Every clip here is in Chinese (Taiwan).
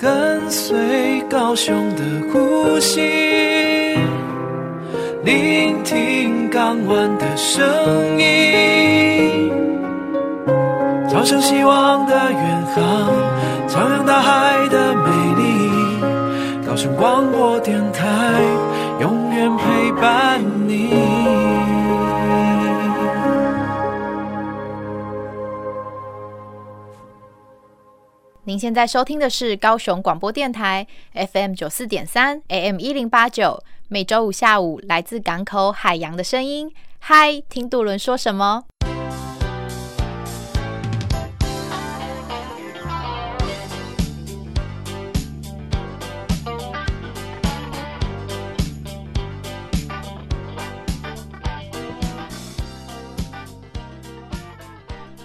跟隨高雄的呼吸，聆聽港灣的聲音，朝向希望的遠航，徜徉大海的美麗。高雄廣播電臺，永遠陪伴你。您現在收聽的是高雄廣播電台 FM 九四點三 AM 一零八九，每周五下午來自港口海洋的聲音。嗨，聽渡輪說什麼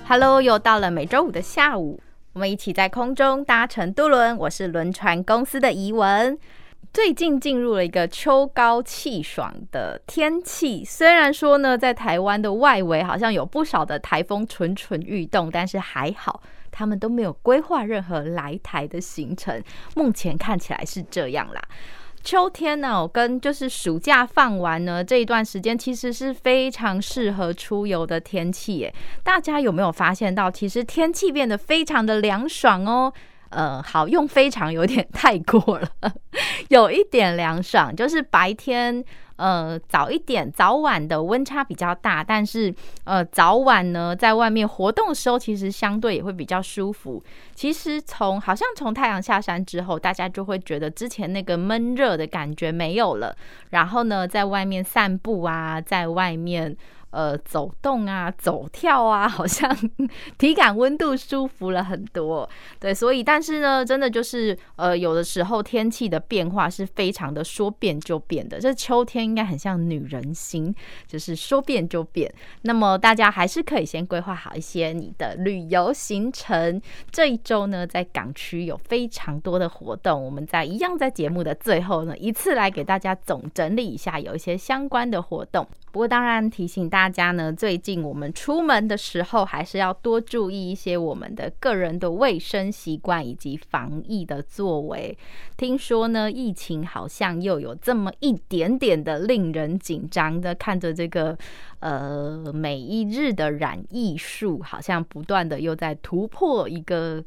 ？Hello，又到了每周五的下午。我們一起在空中搭乘渡輪，我是輪船公司的怡文。最近進入了一個秋高氣爽的天氣，雖然說呢，在台灣的外圍好像有不少的台風蠢蠢欲動，但是還好，他們都沒有規劃任何來台的行程。目前看起來是這樣啦。秋天呢，我跟就是暑假放完呢，這一段時間其實是非常適合出遊的天氣耶。大家有沒有發現到，其實天氣變得非常的涼爽哦？呃，好，用非常有點太過了， 有一點涼爽，就是白天。呃，早一點，早晚的溫差比較大，但是呃，早晚呢，在外面活動的時候，其實相對也會比較舒服。其實從好像從太陽下山之後，大家就會覺得之前那個悶熱的感覺沒有了。然後呢，在外面散步啊，在外面。呃，走動啊，走跳啊，好像體感溫度舒服了很多。對，所以但是呢，真的就是呃，有的時候天氣的變化是非常的說變就變的。這秋天應該很像女人心，就是說變就變。那麼大家還是可以先規劃好一些你的旅遊行程。這一周呢，在港區有非常多的活動，我們在一樣在節目的最後呢，一次來給大家總整理一下，有一些相關的活動。不過，當然提醒大家呢，最近我們出門的時候，還是要多注意一些我們的個人的衛生習慣以及防疫的作為。聽說呢，疫情好像又有這麼一點點的令人緊張的，看着這個呃，每一日的染疫數好像不斷的又在突破一個。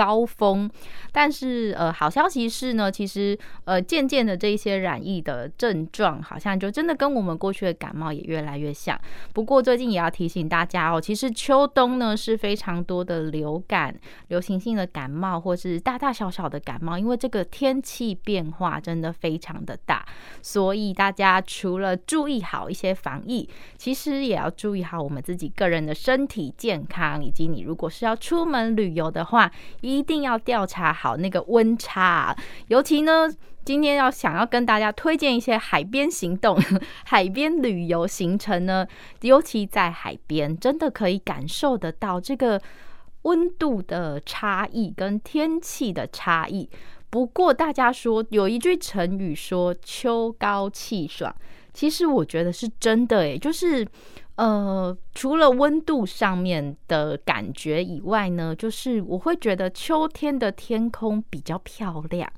高峰，但是呃，好消息是呢，其實呃，漸漸的這些染疫的症狀好像就真的跟我們過去的感冒也越來越像。不過最近也要提醒大家哦，其實秋冬呢是非常多的流感、流行性的感冒或是大大小小的感冒，因為這個天氣變化真的非常的大，所以大家除了注意好一些防疫，其實也要注意好我們自己個人的身體健康，以及你如果是要出門旅遊的話。一定要調查好那個溫差，尤其呢，今天要想要跟大家推薦一些海邊行動、海邊旅遊行程呢，尤其在海邊，真的可以感受得到這個溫度的差異跟天氣的差異。不過大家說有一句成語說“秋高氣爽”，其實我覺得是真的誒、欸，就是。呃，除了溫度上面的感覺以外呢，就是我會覺得秋天的天空比較漂亮，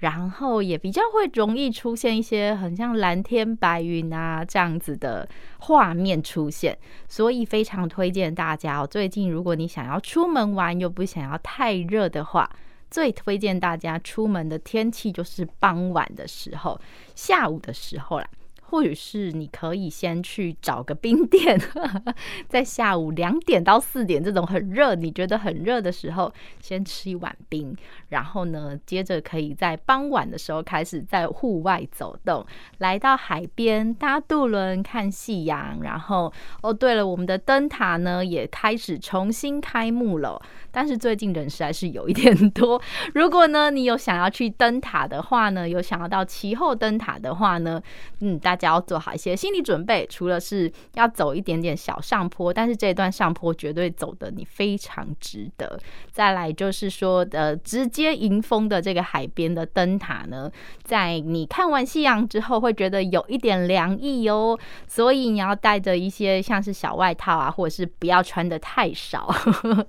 然後也比較會容易出現一些很像藍天白雲啊這樣子的畫面出現，所以非常推薦大家哦。最近如果你想要出門玩又不想要太熱的話，最推薦大家出門的天氣就是傍晚的時候、下午的時候啦。或者是你可以先去找個冰店，呵呵，在下午兩點到四點這種很熱，你覺得很熱的時候，先吃一碗冰，然後呢，接着可以在傍晚的時候開始在戶外走動，來到海邊搭渡輪看夕陽，然後哦，對了，我們的燈塔呢也開始重新開幕了，但是最近人實在是有一點多。如果呢你有想要去燈塔的話呢，有想要到旗後燈塔的話呢，嗯，大。大家要做好一些心理準備，除了是要走一點點小上坡，但是這一段上坡絕對走得你非常值得。再來就是說，呃，直接迎風的這個海邊的燈塔呢，在你看完夕陽之後，會覺得有一點涼意哦，所以你要帶着一些像是小外套啊，或者是不要穿得太少。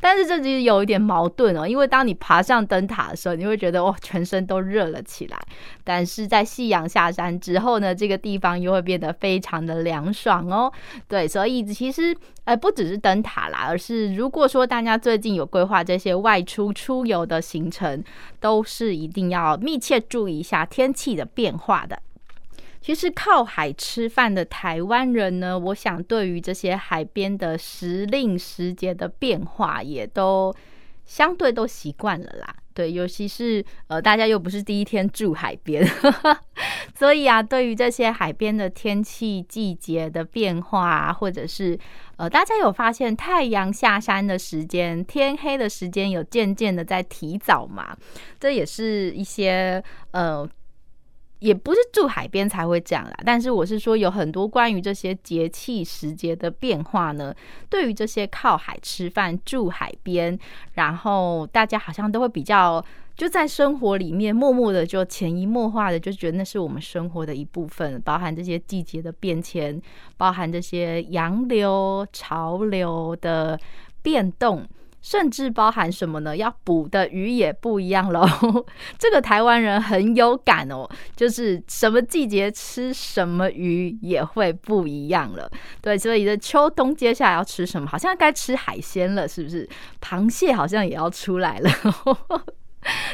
但是這其實有一點矛盾哦，因為當你爬上燈塔的時候，你會覺得哇，全身都熱了起來，但是在夕陽下山之後呢，這這個地方又會變得非常的涼爽哦，對，所以其實，呃，不只是燈塔啦，而是如果說大家最近有規劃這些外出出遊的行程，都是一定要密切注意一下天氣的變化的。其實靠海吃飯的台灣人呢，我想對於這些海邊的時令時節的變化，也都相對都習慣了啦。對，尤其是呃，大家又不是第一天住海邊，所以啊，對於這些海邊的天氣、季節的變化或者是呃，大家有發現太陽下山的時間、天黑的時間有漸漸的在提早嘛？這也是一些呃。也不是住海邊才會這樣啦，但是我是說，有很多關於這些節氣時節的變化呢，對於這些靠海吃飯、住海邊，然後大家好像都會比較，就在生活裡面默默的就潛移默化的就覺得那是我們生活的一部分，包含這些季節的變遷，包含這些洋流、潮流的變動。甚至包含什麼呢？要捕的魚也不一樣嘍。 這個台灣人很有感哦，就是什麼季節吃什麼魚也會不一樣了。對，所以在秋冬接下來要吃什麼？好像該吃海鮮了，是不是？螃蟹好像也要出來了。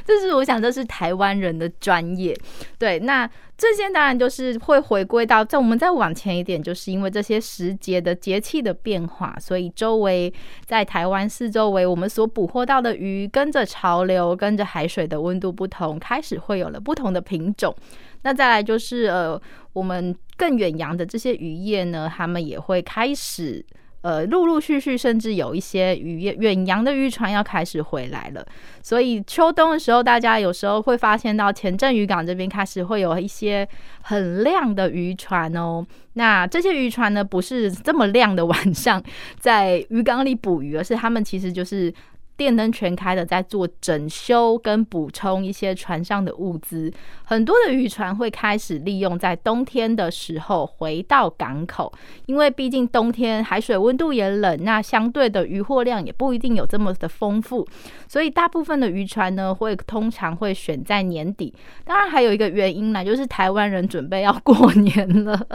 這是我想，這是台灣人的專業。對，那這些當然就是會回歸到，在我們再往前一點，就是因為這些時節的節氣的變化，所以周圍在台灣四周圍，我們所捕獲到的魚，跟着潮流，跟着海水的溫度不同，開始會有了不同的品種。那再來就是呃，我們更遠洋的這些漁業呢，他們也會開始。呃，陸陸續續，甚至有一些漁業遠洋的漁船要開始回來了。所以秋冬的時候，大家有時候會發現到前鎮漁港這邊開始會有一些很亮的漁船哦。那這些漁船呢，不是這麼亮的晚上在漁港裡捕魚，而是他們其實就是。電燈全開的，在做整修跟補充一些船上的物資。很多的漁船會開始利用在冬天的時候回到港口，因為畢竟冬天海水溫度也冷，那相對的漁獲量也不一定有這麼的豐富。所以大部分的漁船呢，會通常會選在年底。當然還有一個原因呢，就是台灣人準備要過年了，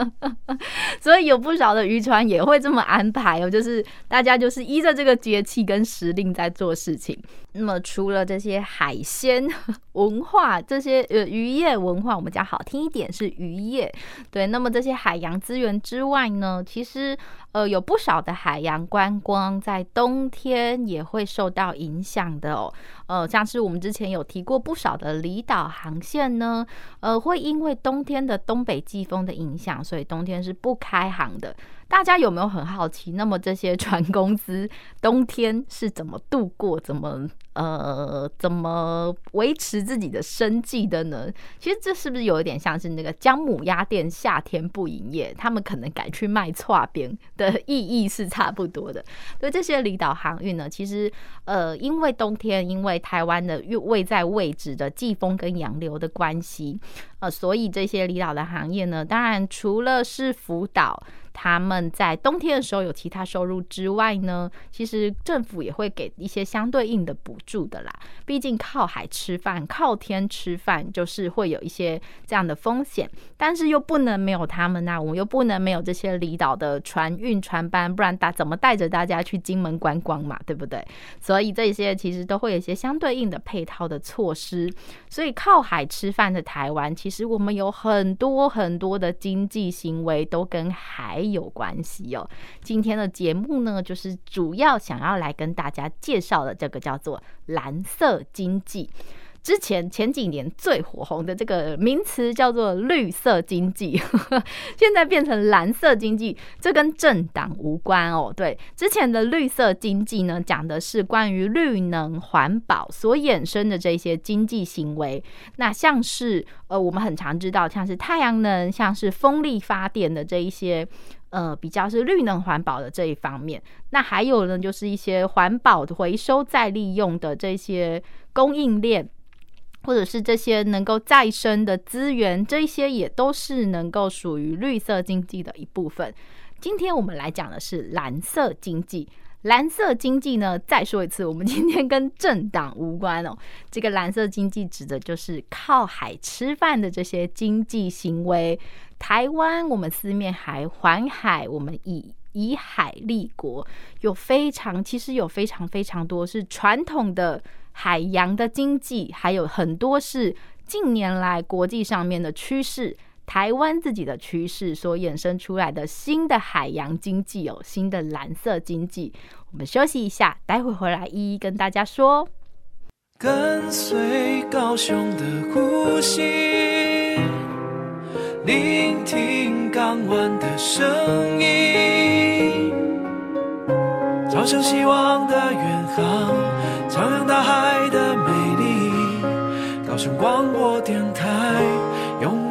所以有不少的漁船也會這麼安排哦，就是大家就是依着這個節氣跟時令在做。事情，那麼除了這些海鮮文化，這些呃漁業文化，我們講好聽一點是漁業，對。那麼這些海洋資源之外呢，其實呃有不少的海洋觀光在冬天也會受到影響的哦。呃，像是我們之前有提過不少的離島航線呢，呃，會因為冬天的東北季風的影響，所以冬天是不開航的。大家有沒有很好奇？那麼這些船公司冬天是怎麼度過？怎麼？呃，怎麼維持自己的生計的呢？其實，這是不是有一點像是那個薑母鴨店夏天不營業，他們可能改去賣剉冰的意義是差不多的。對，這些離島航運呢，其實呃，因為冬天，因為台灣的位在位置的季風跟洋流的關係，呃，所以這些離島的行業呢，當然除了是輔導他們在冬天的時候有其他收入之外呢，其實政府也會給一些相對應的補助。住的啦，畢竟靠海吃飯、靠天吃飯，就是會有一些這樣的風險，但是又不能沒有他們吶、啊，我們又不能沒有這些離島的船運船班，不然大怎麼帶着大家去金門觀光嘛，對不對？所以這些其實都會有一些相對應的配套的措施。所以靠海吃飯的台灣，其實我們有很多很多的經濟行為都跟海有關係哦。今天的節目呢，就是主要想要來跟大家介紹的這個叫做。藍色經濟，之前前幾年最火紅的這個名詞叫做綠色經濟，呵呵，現在變成藍色經濟，這跟政黨無關哦。對，之前的綠色經濟呢，講的是關於綠能環保所衍生的這些經濟行為，那像是呃，我們很常知道，像是太陽能、像是風力發電的這一些。呃，比較是綠能環保的這一方面，那還有呢，就是一些環保的回收再利用的這些供應鏈，或者是這些能夠再生的資源，這一些也都是能夠屬於綠色經濟的一部分。今天我們來講的是藍色經濟。藍色經濟呢？再說一次，我們今天跟政黨無關哦。這個藍色經濟指的就是靠海吃飯的這些經濟行為。台灣我們四面海環海，我們以以海立國，有非常其實有非常非常多是傳統的海洋的經濟，還有很多是近年來國際上面的趨勢。台灣自己的趨勢所衍生出來的新的海洋經濟，喔，有新的藍色經濟。我們休息一下，待會回來一一跟大家說。跟隨高雄的呼吸，聆聽港灣的聲音，朝向希望的遠航，徜徉大海的美麗。高雄廣播電台。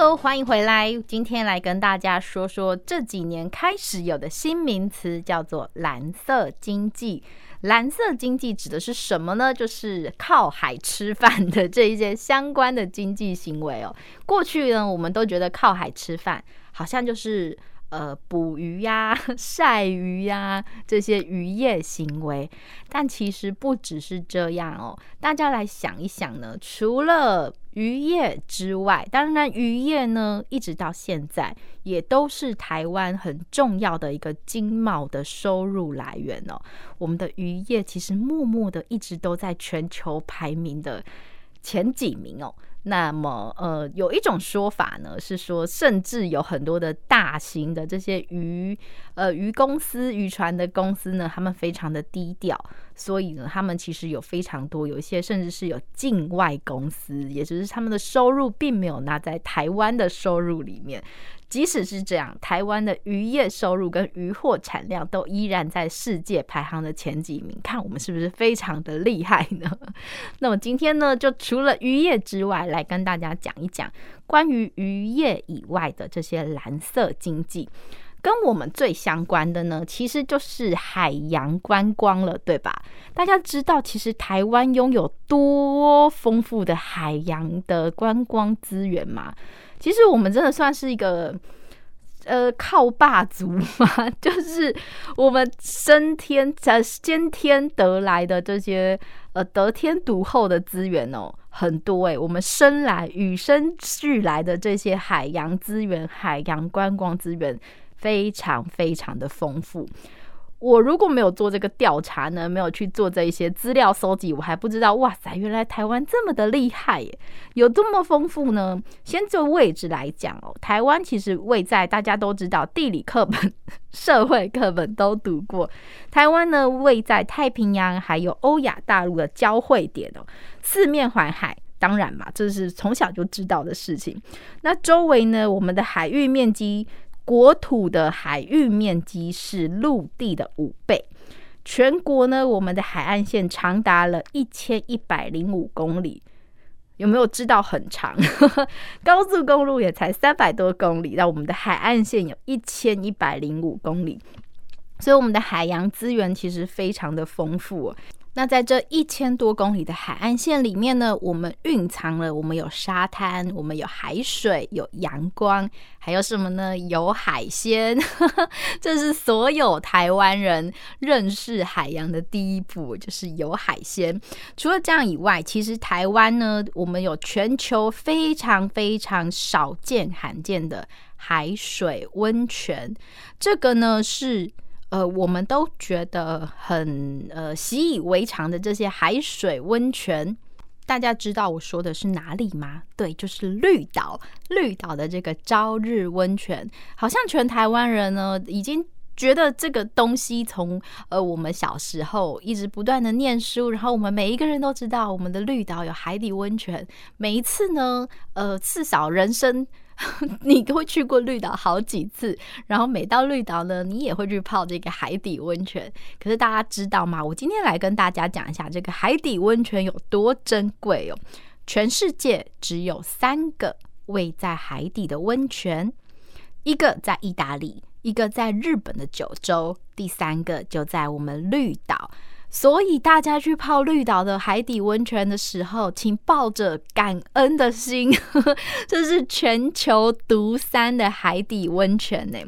Hello，歡迎回來，今天來跟大家說說這幾年開始有的新名詞，叫做“藍色經濟”。藍色經濟指的是什麼呢？就是靠海吃飯的這一些相關的經濟行為哦。過去呢，我們都覺得靠海吃飯好像就是。呃，捕魚呀、啊、曬魚呀、啊、這些漁業行為，但其實不只是這樣哦。大家來想一想呢，除了漁業之外，當然漁業呢一直到現在也都是台灣很重要的一個經貿的收入來源哦。我們的漁業其實默默的一直都在全球排名的前幾名哦。那麼，呃，有一種說法呢，是說，甚至有很多的大型的這些漁，呃，漁公司、漁船的公司呢，他們非常的低調。所以呢，他們其實有非常多，有一些甚至是有境外公司，也就是他們的收入並沒有拿在台灣的收入裡面。即使是這樣，台灣的漁業收入跟漁獲產量都依然在世界排行的前幾名。看我們是不是非常的厲害呢？那麼今天呢，就除了漁業之外，來跟大家講一講關於漁業以外的這些藍色經濟。跟我們最相關的呢，其實就是海洋觀光了，對吧？大家知道，其實台灣擁有多豐富的海洋的觀光資源嘛？其實我們真的算是一個，呃，靠爸族嘛，就是我們生天在先天得來的這些，呃，得天獨厚的資源哦，很多誒，我們生來與生俱來的這些海洋資源、海洋觀光資源。非常非常的豐富。我如果沒有做這個調查呢，沒有去做這一些資料搜集，我還不知道。哇塞，原來台灣這麼的厲害耶，有多麼豐富呢？先就位置來講哦，台灣其實位在大家都知道地理課本、社會課本都讀過。台灣呢，位在太平洋還有歐亞大陸的交匯點哦，四面環海，當然嘛，這是從小就知道的事情。那周圍呢，我們的海域面積。國土的海域面積是陸地的五倍，全國呢，我們的海岸線長達了一千一百零五公里，有沒有知道很長？ 高速公路也才三百多公里，那我們的海岸線有一千一百零五公里，所以我們的海洋資源其實非常的豐富啊。那在這一千多公里的海岸線裡面呢，我們蘊藏了，我們有沙灘，我們有海水，有陽光，還有什麼呢？有海鮮。 這是所有台灣人認識海洋的第一步，就是有海鮮。除了這樣以外，其實台灣呢，我們有全球非常非常少見罕見的海水溫泉。這個呢是。呃，我們都覺得很呃習以為常的這些海水溫泉，大家知道我說的是哪裡嗎？對，就是綠島。綠島的這個朝日溫泉，好像全台灣人呢，已經覺得這個東西從呃我們小時候一直不斷的念書，然後我們每一個人都知道，我們的綠島有海底溫泉。每一次呢，呃，至少人生。 你都會去過綠島好幾次，然後每到綠島呢，你也會去泡這個海底溫泉。可是大家知道嗎？我今天來跟大家講一下這個海底溫泉有多珍貴哦！全世界只有三個位在海底的溫泉，一個在意大利，一個在日本的九州，第三個就在我們綠島。所以大家去泡綠島的海底溫泉的時候，請抱着感恩的心，呵呵這是全球獨三的海底溫泉呢。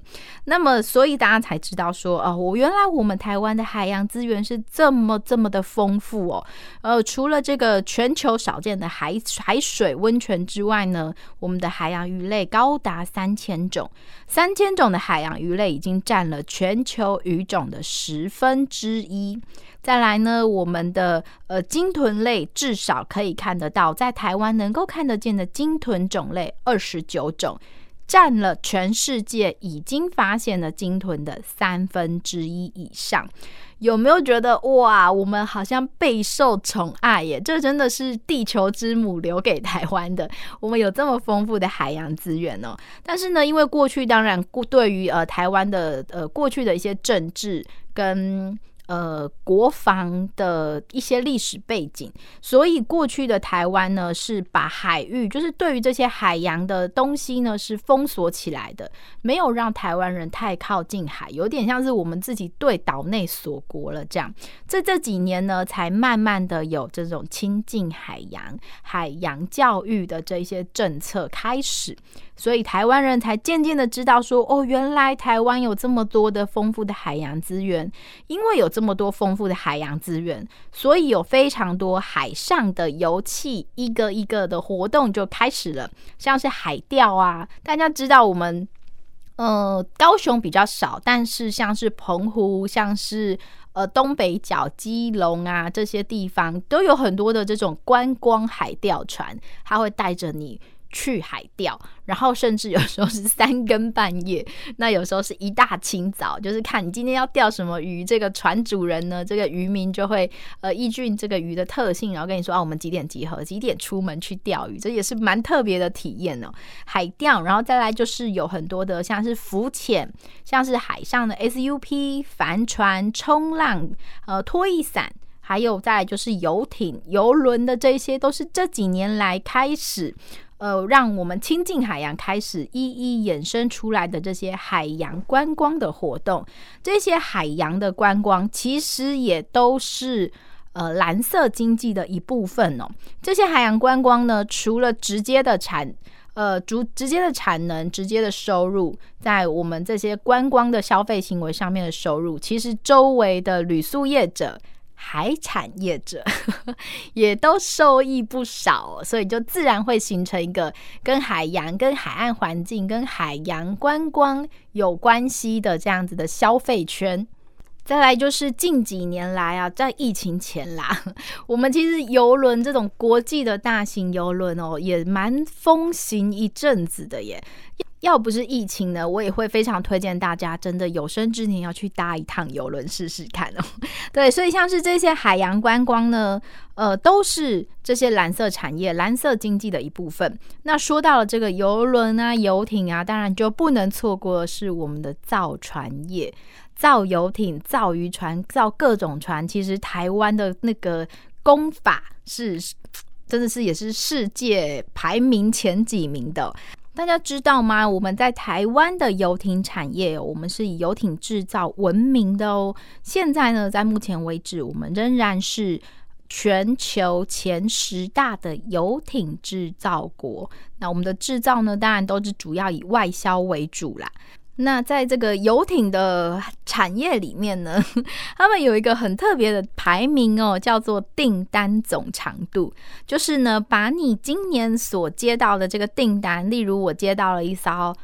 那麼，所以大家才知道說，哦、呃，我原來我們台灣的海洋資源是這麼這麼的豐富哦。呃，除了這個全球少見的海海水溫泉之外呢，我們的海洋魚類高達三千種。三千種的海洋魚類已經占了全球魚種的十分之一。再來呢，我們的呃鯨豚類至少可以看得到在台灣能夠看得見的鯨豚種類二十九種。佔了全世界已經發現了鯨豚的三分之一以上，有沒有覺得哇？我們好像備受寵愛耶！這真的是地球之母留給臺灣的，我們有這麼豐富的海洋資源哦。但是呢，因為過去當然，對於呃臺灣的呃過去的一些政治跟。呃，國防的一些歷史背景，所以過去的台灣呢，是把海域，就是對於這些海洋的東西呢，是封鎖起來的，沒有讓台灣人太靠近海，有點像是我們自己對島內鎖國了這樣。這這幾年呢，才慢慢的有這種親近海洋、海洋教育的這一些政策開始。所以台灣人才漸漸的知道說，哦，原來台灣有這麼多的豐富的海洋資源。因為有這麼多豐富的海洋資源，所以有非常多海上的遊憩，一個一個的活動就開始了，像是海釣啊。大家知道我們，呃，高雄比較少，但是像是澎湖、像是呃東北角、基隆啊這些地方，都有很多的這種觀光海釣船，它會帶着你。去海釣，然後甚至有時候是三更半夜，那有時候是一大清早，就是看你今天要釣什麼魚。這個船主人呢，這個漁民就會呃依據這個魚的特性，然後跟你說啊，我們幾點集合，幾點出門去釣魚，這也是蠻特別的體驗哦。海釣，然後再來就是有很多的像是浮潛，像是海上的 SUP 帆船、衝浪、呃，拖曳傘，還有再來就是遊艇、遊輪的這些，都是這幾年來開始。呃，讓我們親近海洋開始，一一衍生出來的這些海洋觀光的活動，這些海洋的觀光其實也都是呃藍色經濟的一部分哦。這些海洋觀光呢，除了直接的產呃直直接的產能、直接的收入，在我們這些觀光的消費行為上面的收入，其實周圍的旅宿業者。海產業者呵呵也都受益不少，所以就自然會形成一個跟海洋、跟海岸環境、跟海洋觀光有關係的這樣子的消費圈。再來就是近幾年來啊，在疫情前啦，我們其實游輪這種國際的大型遊輪哦，也蠻風行一陣子的耶。要不是疫情呢，我也會非常推薦大家，真的有生之年要去搭一趟郵輪試試看哦。對，所以像是這些海洋觀光呢，呃，都是這些藍色產業、藍色經濟的一部分。那說到了這個郵輪啊、遊艇啊，當然就不能錯過是我們的造船業，造遊艇、造漁船、造各種船。其實台灣的那個工法是，真的是也是世界排名前幾名的。大家知道嗎？我們在台灣的遊艇產業，我們是以遊艇製造聞名的哦。現在呢，在目前為止，我們仍然是全球前十大的遊艇製造國。那我們的製造呢，當然都是主要以外銷為主啦。那在這個遊艇的產業裡面呢，他們有一個很特別的排名哦，叫做訂單總長度，就是呢，把你今年所接到的這個訂單，例如我接到了一艘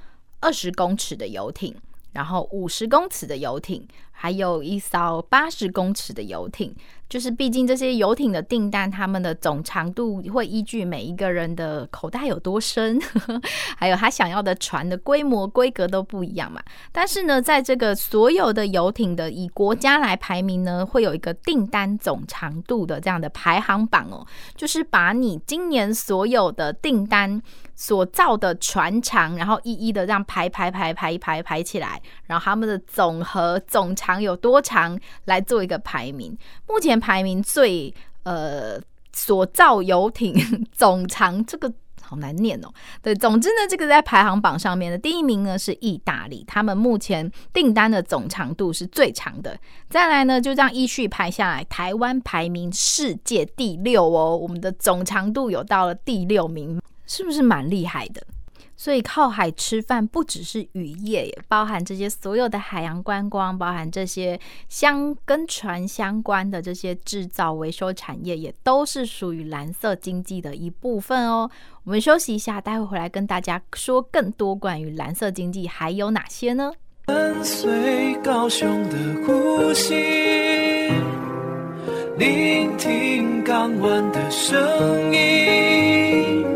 二十公尺的遊艇，然後五十公尺的遊艇。還有一艘八十公尺的遊艇，就是畢竟這些遊艇的訂單，他們的總長度會依據每一個人的口袋有多深，呵呵，還有他想要的船的規模規格都不一樣嘛。但是呢，在這個所有的遊艇的以國家來排名呢，會有一個訂單總長度的這樣的排行榜哦，就是把你今年所有的訂單所造的船長，然後一一的這樣排排排排排排排排起來，然後他們的總和總長。長有多長來做一個排名？目前排名最呃，所造遊艇總長，這個好難念哦。對，總之呢，這個在排行榜上面呢，第一名呢是意大利，他們目前訂單的總長度是最長的。再來呢，就讓依序排下來，台灣排名世界第六哦，我們的總長度有到了第六名，是不是蠻厲害的？所以靠海吃飯不只是漁業，也包含這些所有的海洋觀光，包含這些像跟船相關的這些製造、維修產業，也都是屬於藍色經濟的一部分哦。我們休息一下，待會回來跟大家說更多關於藍色經濟還有哪些呢？跟隨高雄的呼吸，聆聽港灣的聲音。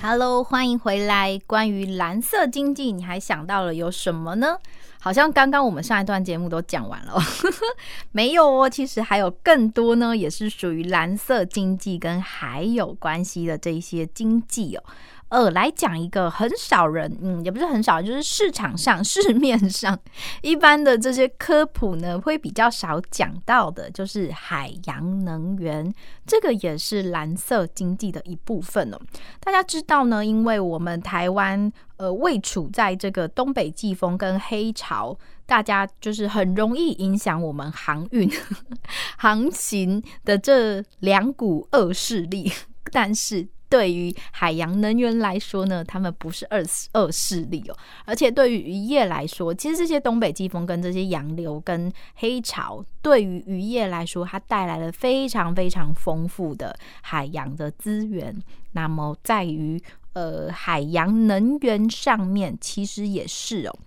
Hello，歡迎回來。關於藍色經濟，你還想到了有什麼呢？好像剛剛我們上一段節目都講完了哦， 沒有哦。其實還有更多呢，也是屬於藍色經濟跟海有關係的這一些經濟哦。呃，來講一個很少人，嗯，也不是很少人，就是市場上、市面上一般的這些科普呢，會比較少講到的，就是海洋能源，這個也是藍色經濟的一部分哦。大家知道呢，因為我們台灣呃，位處在這個東北季風跟黑潮，大家就是很容易影響我們航運 航行的這兩股惡勢力，但是。對於海洋能源來說呢，他們不是二二勢力哦。而且對於漁業來說，其實這些東北季風跟這些洋流跟黑潮，對於漁業來說，它帶來了非常非常豐富的海洋的資源。那麼，在於呃海洋能源上面，其實也是哦。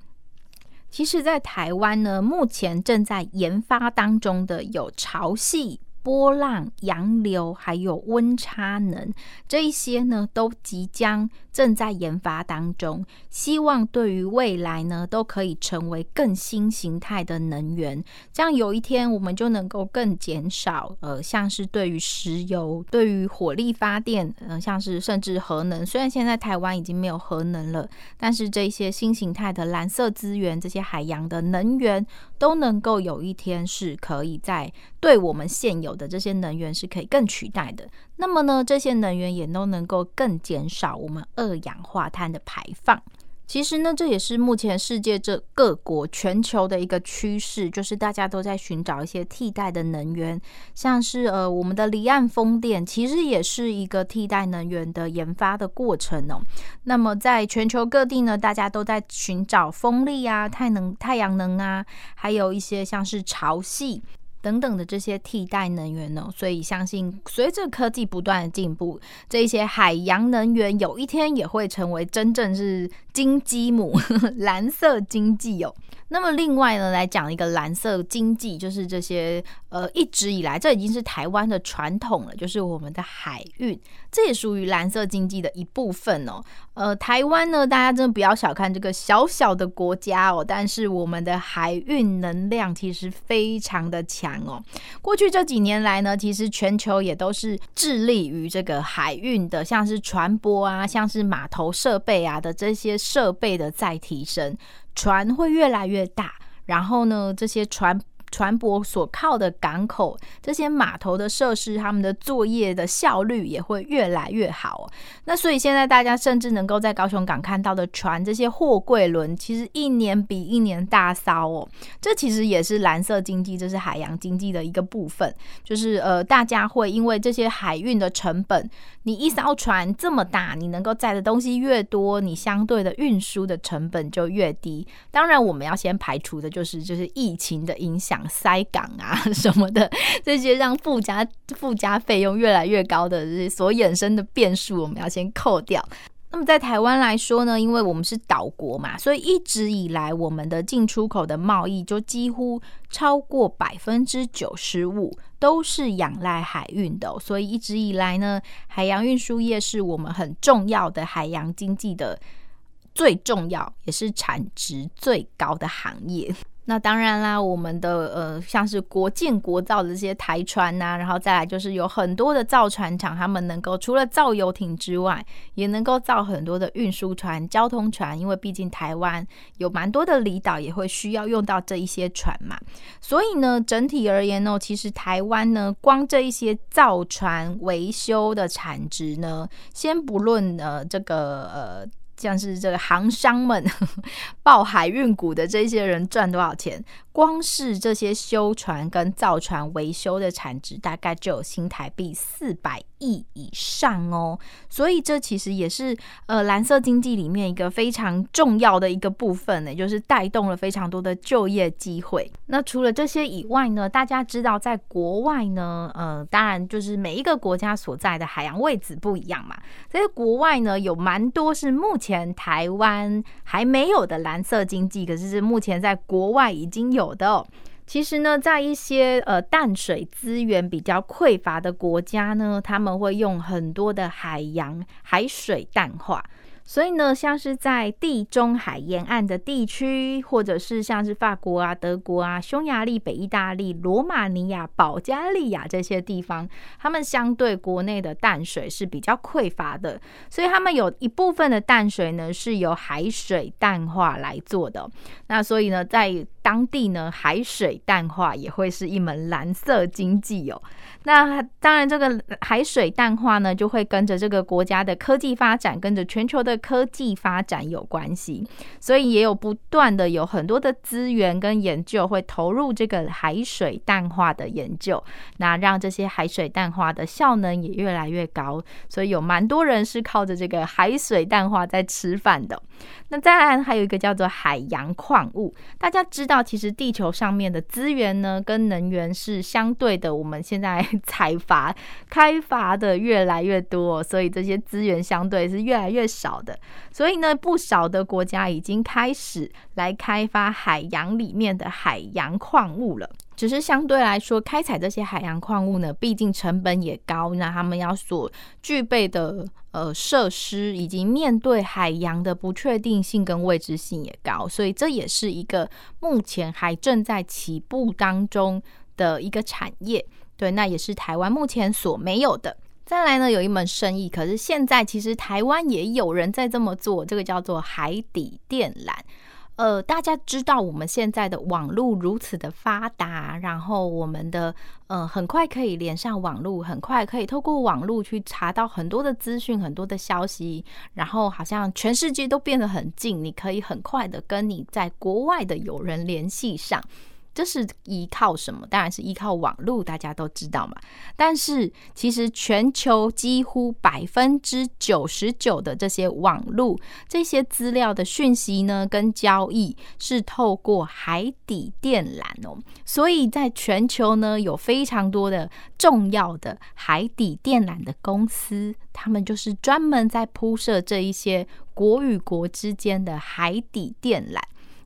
其實，在台灣呢，目前正在研發當中的有潮汐。波浪、洋流，還有溫差能，這一些呢，都即將。正在研發當中，希望對於未來呢，都可以成為更新形態的能源。這樣有一天，我們就能夠更減少呃，像是對於石油、對於火力發電，呃，像是甚至核能。雖然現在台灣已經沒有核能了，但是這些新形態的藍色資源，這些海洋的能源，都能夠有一天是可以在對我們現有的這些能源，是可以更取代的。那麼呢，這些能源也都能夠更減少我們二氧化碳的排放。其實呢，這也是目前世界這各國全球的一個趨勢，就是大家都在尋找一些替代的能源，像是呃我們的離岸風電，其實也是一個替代能源的研發的過程哦。那麼在全球各地呢，大家都在尋找風力啊、太能太陽能啊，還有一些像是潮汐。等等的這些替代能源呢，所以相信隨着科技不斷的進步，這些海洋能源有一天也會成為真正是金雞母，藍色經濟哦。那麼另外呢，來講一個藍色經濟，就是這些呃一直以來，這已經是台灣的傳統了，就是我們的海運，這也屬於藍色經濟的一部分哦。呃，台灣呢，大家真的不要小看這個小小的國家哦，但是我們的海運能量其實非常的強哦。過去這幾年來呢，其實全球也都是致力於這個海運的，像是船舶啊，像是碼頭設備啊的這些設備的在提升。船會越來越大，然後呢，這些船。船舶所靠的港口，這些碼頭的設施，他們的作業的效率也會越來越好哦。那所以現在大家甚至能夠在高雄港看到的船，這些貨櫃輪其實一年比一年大艘哦。這其實也是藍色經濟，這是海洋經濟的一個部分，就是呃，大家會因為這些海運的成本，你一艘船這麼大，你能夠載的東西越多，你相對的運輸的成本就越低。當然，我們要先排除的就是就是疫情的影響。塞港啊什麼的，這些讓附加附加費用越來越高的這些所衍生的變數，我們要先扣掉。那麼在台灣來說呢，因為我們是島國嘛，所以一直以來我們的進出口的貿易就幾乎超過百分之九十五都是仰賴海運的哦，所以一直以來呢，海洋運輸業是我們很重要的海洋經濟的最重要也是產值最高的行業。那當然啦，我們的呃，像是國艦國造的這些台船吶、啊，然後再來就是有很多的造船廠，他們能夠除了造遊艇之外，也能夠造很多的運輸船、交通船，因為畢竟台灣有蠻多的離島，也會需要用到這一些船嘛。所以呢，整體而言呢，其實台灣呢，光這一些造船維修的產值呢，先不論呃這個呃。像是這個航商們抱海運股的這些人賺多少錢？光是這些修船跟造船維修的產值，大概就有新台幣四百億以上哦。所以這其實也是呃藍色經濟裡面一個非常重要的一個部分呢，就是帶動了非常多的就業機會。那除了這些以外呢，大家知道在國外呢，呃，當然就是每一個國家所在的海洋位置不一樣嘛，所以國外呢有蠻多是目前台灣還沒有的藍色經濟，可是是目前在國外已經有。有的，其實呢，在一些呃淡水資源比較匱乏的國家呢，他們會用很多的海洋海水淡化。所以呢，像是在地中海沿岸的地區，或者是像是法國啊、德國啊、匈牙利、北意大利、羅馬尼亞、保加利亞這些地方，他們相對國內的淡水是比較匱乏的，所以他們有一部分的淡水呢，是由海水淡化來做的。那所以呢，在當地呢，海水淡化也會是一門藍色經濟哦。那當然，這個海水淡化呢，就會跟着這個國家的科技發展，跟着全球的科技發展有關係。所以也有不斷的有很多的資源跟研究會投入這個海水淡化的研究，那讓這些海水淡化的效能也越來越高。所以有蠻多人是靠着這個海水淡化在吃飯的。那再來還有一個叫做海洋礦物。大家知道，其實地球上面的資源呢，跟能源是相對的。我們現在採伐、開發的越來越多，所以這些資源相對是越來越少的。所以呢，不少的國家已經開始來開發海洋裡面的海洋礦物了。只是相對來說，開採這些海洋礦物呢，畢竟成本也高，那他們要所具備的呃設施，以及面對海洋的不確定性跟未知性也高，所以這也是一個目前還正在起步當中的一個產業。對，那也是台灣目前所沒有的。再來呢，有一門生意，可是現在其實台灣也有人在這麼做，這個叫做海底電纜。呃，大家知道我們現在的網絡如此的發達，然後我們的呃很快可以連上網絡，很快可以透過網絡去查到很多的資訊、很多的消息，然後好像全世界都變得很近，你可以很快的跟你在國外的友人聯繫上。這是依靠什麼？當然是依靠網路，大家都知道嘛。但是其實全球幾乎百分之九十九的這些網路、這些資料的訊息呢，跟交易是透過海底電纜哦。所以在全球呢，有非常多的重要的海底電纜的公司，他們就是專門在鋪設這一些國與國之間的海底電纜。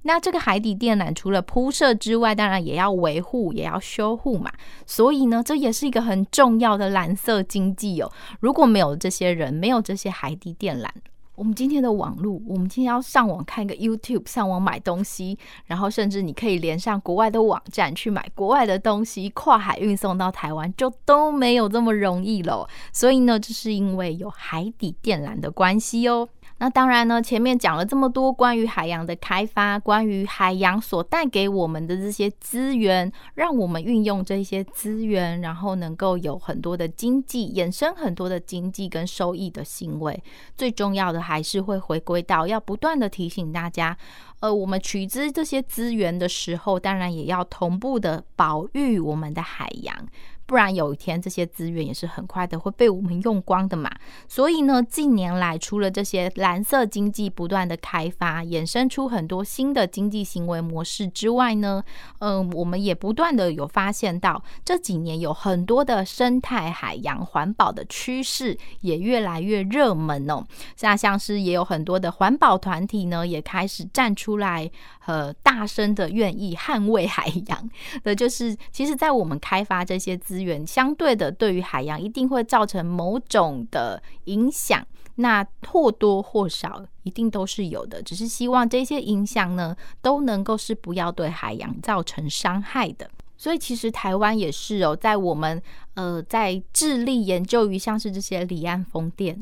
那這個海底電纜除了鋪設之外，當然也要維護，也要修護嘛。所以呢，這也是一個很重要的藍色經濟哦。如果沒有這些人，沒有這些海底電纜，我們今天的網絡，我們今天要上網看個 YouTube，上網買東西，然後甚至你可以連上國外的網站去買國外的東西，跨海運送到台灣，就都沒有這麼容易了。所以呢，這是因為有海底電纜的關係哦。那當然呢，前面講了這麼多關於海洋的開發，關於海洋所帶給我們的這些資源，讓我們運用這些資源，然後能夠有很多的經濟衍生、很多的經濟跟收益的行為。最重要的還是會回歸到要不斷的提醒大家，呃，我們取之這些資源的時候，當然也要同步的保育我們的海洋。不然有一天這些資源也是很快的會被我們用光的嘛。所以呢，近年來除了這些藍色經濟不斷的開發，衍生出很多新的經濟行為模式之外呢，嗯，我們也不斷的有發現到這幾年有很多的生態、海洋、環保的趨勢也越來越熱門哦。那像是也有很多的環保團體呢，也開始站出來，呃，大聲的願意捍衛海洋。那就是其實，在我們開發這些資源資源相對的，對於海洋一定會造成某種的影響，那或多或少一定都是有的。只是希望這些影響呢，都能夠是不要對海洋造成傷害的。所以其實台灣也是哦，在我們呃在致力研究於像是這些離岸風電，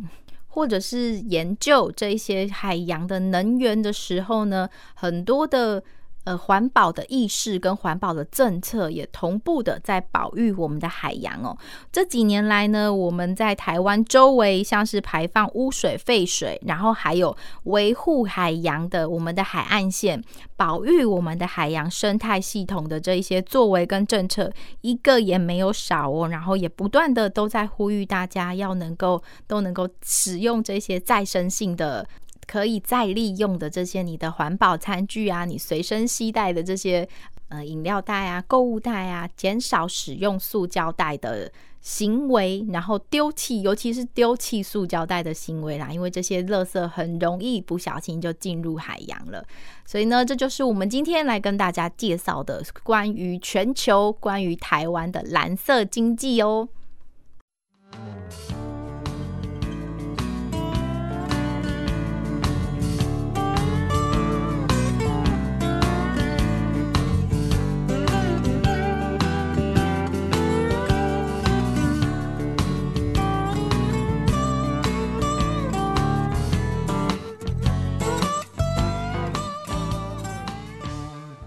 或者是研究這些海洋的能源的時候呢，很多的。呃，環保的意識跟環保的政策也同步的在保育我們的海洋哦。這幾年來呢，我們在台灣周圍，像是排放污水廢水，然後還有維護海洋的我們的海岸線，保育我們的海洋生態系統的這一些作為跟政策，一個也沒有少哦。然後也不斷的都在呼籲大家要能夠都能夠使用這些再生性的。可以再利用的這些，你的環保餐具啊，你隨身攜帶的這些呃飲料袋啊、購物袋啊，減少使用塑膠袋的行為，然後丟棄，尤其是丟棄塑膠袋的行為啦，因為這些垃圾很容易不小心就進入海洋了。所以呢，這就是我們今天來跟大家介紹的關於全球、關於台灣的藍色經濟哦。